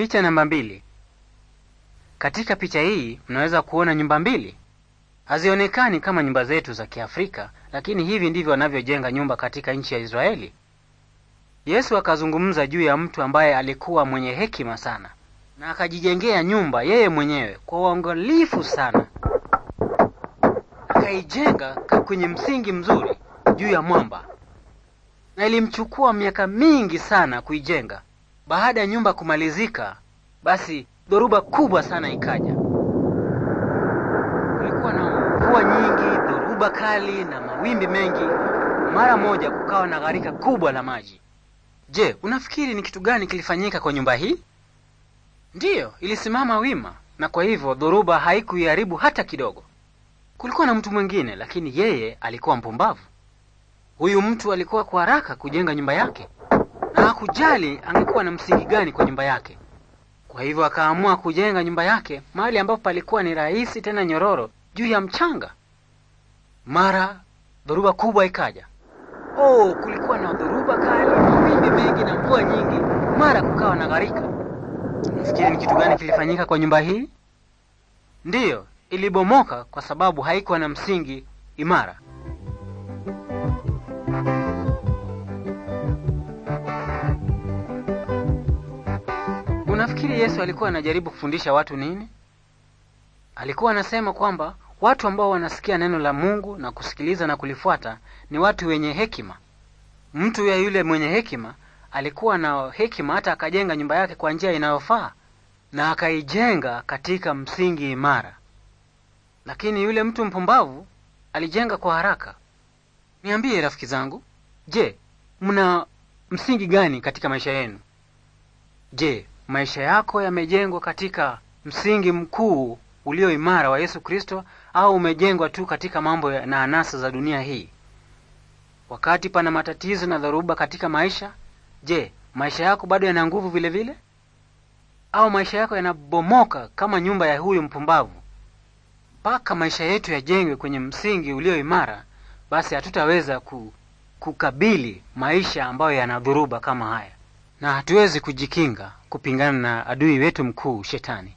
Picha namba mbili. Katika picha hii mnaweza kuona nyumba mbili. Hazionekani kama nyumba zetu za Kiafrika, lakini hivi ndivyo wanavyojenga nyumba katika nchi ya Israeli. Yesu akazungumza juu ya mtu ambaye alikuwa mwenye hekima sana na akajijengea nyumba yeye mwenyewe kwa uangalifu sana, akaijenga kwenye msingi mzuri juu ya mwamba, na ilimchukua miaka mingi sana kuijenga. Baada ya nyumba kumalizika, basi dhoruba kubwa sana ikaja. Kulikuwa na mvua nyingi, dhoruba kali na mawimbi mengi. Mara moja kukawa na gharika kubwa la maji. Je, unafikiri ni kitu gani kilifanyika kwa nyumba hii? Ndiyo, ilisimama wima na kwa hivyo dhoruba haikuiharibu hata kidogo. Kulikuwa na mtu mwingine, lakini yeye alikuwa mpumbavu. Huyu mtu alikuwa kwa haraka kujenga nyumba yake na hakujali angekuwa na msingi gani kwa nyumba yake. Kwa hivyo akaamua kujenga nyumba yake mahali ambapo palikuwa ni rahisi tena nyororo, juu ya mchanga. Mara dhoruba kubwa ikaja. Oh, kulikuwa na dhoruba kali, mawimbi mengi na mvua nyingi, mara kukawa na gharika. Nafikiri ni kitu gani kilifanyika kwa nyumba hii? Ndiyo, ilibomoka kwa sababu haikuwa na msingi imara. Unafikiri Yesu alikuwa anajaribu kufundisha watu nini? Alikuwa anasema kwamba watu ambao wanasikia neno la Mungu na kusikiliza na kulifuata ni watu wenye hekima. Mtu ya yule mwenye hekima alikuwa na hekima hata akajenga nyumba yake kwa njia inayofaa na akaijenga katika msingi imara, lakini yule mtu mpumbavu alijenga kwa haraka. Niambie rafiki zangu, je, mna msingi gani katika maisha yenu? Je, maisha yako yamejengwa katika msingi mkuu ulio imara wa Yesu Kristo au umejengwa tu katika mambo na anasa za dunia hii? Wakati pana matatizo na dhoruba katika maisha, je, maisha yako bado yana nguvu vile vile, au maisha yako yanabomoka kama nyumba ya huyu mpumbavu? Mpaka maisha yetu yajengwe kwenye msingi ulio imara, basi hatutaweza ku, kukabili maisha ambayo yana dhuruba kama haya na hatuwezi kujikinga kupingana na adui wetu mkuu Shetani.